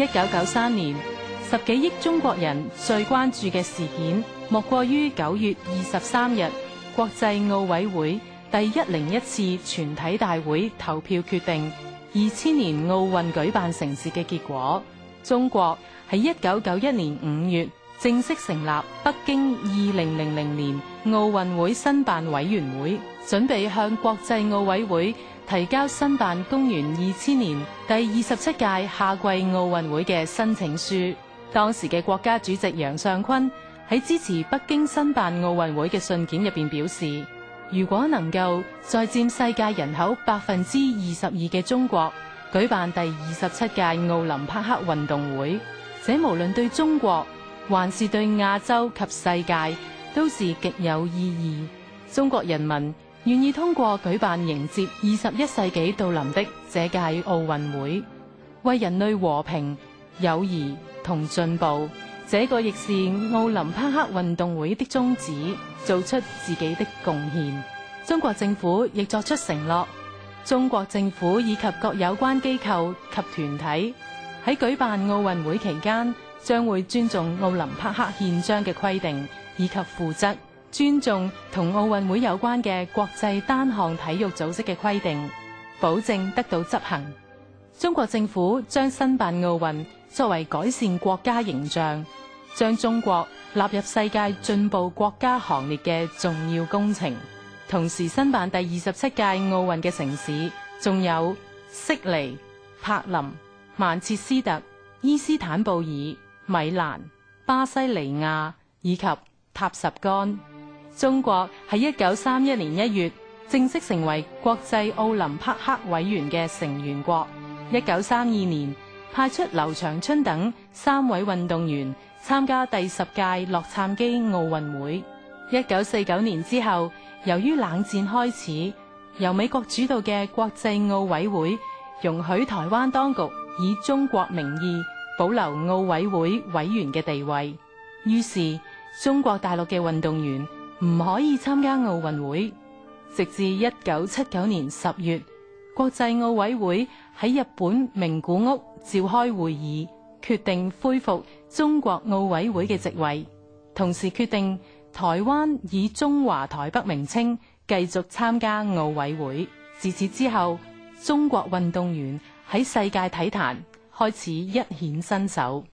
一九九三年，十幾億中國人最關注嘅事件，莫過於九月二十三日，國際奧委會第一零一次全體大會投票決定二千年奧運舉辦城市嘅結果。中國喺一九九一年五月正式成立北京二零零零年奧運會申辦委員會，準備向國際奧委會。提交申辦公元二千年第二十七屆夏季奧運會嘅申請書。當時嘅國家主席楊尚昆喺支持北京申辦奧運會嘅信件入邊表示：如果能夠在佔世界人口百分之二十二嘅中國舉辦第二十七屆奧林匹克運動會，這無論對中國還是對亞洲及世界都是極有意義。中國人民，願意通過舉辦迎接二十一世紀到臨的這屆奧運會，為人類和平、友誼同進步，這個亦是奧林匹克運動會的宗旨，做出自己的貢獻。中國政府亦作出承諾，中國政府以及各有關機構及團體喺舉辦奧運會期間，將會尊重奧林匹克憲章嘅規定以及負責。尊重同奧運會有關嘅國際單項體育組織嘅規定，保證得到執行。中國政府將申辦奧運作為改善國家形象、將中國納入世界進步國家行列嘅重要工程。同時，申辦第二十七屆奧運嘅城市仲有悉尼、柏林、曼徹斯特、伊斯坦布爾、米蘭、巴西利亞以及塔什干。中國喺一九三一年一月正式成為國際奧林匹克委員嘅成員國。一九三二年派出劉長春等三位運動員參加第十屆洛杉磯奧運會。一九四九年之後，由於冷戰開始，由美國主導嘅國際奧委會容許台灣當局以中國名義保留奧委會委員嘅地位，於是中國大陸嘅運動員。唔可以參加奧運會，直至一九七九年十月，國際奧委會喺日本名古屋召開會議，決定恢復中國奧委會嘅席位，同時決定台灣以中華台北名稱繼續參加奧委會。自此之後，中國運動員喺世界體壇開始一顯身手。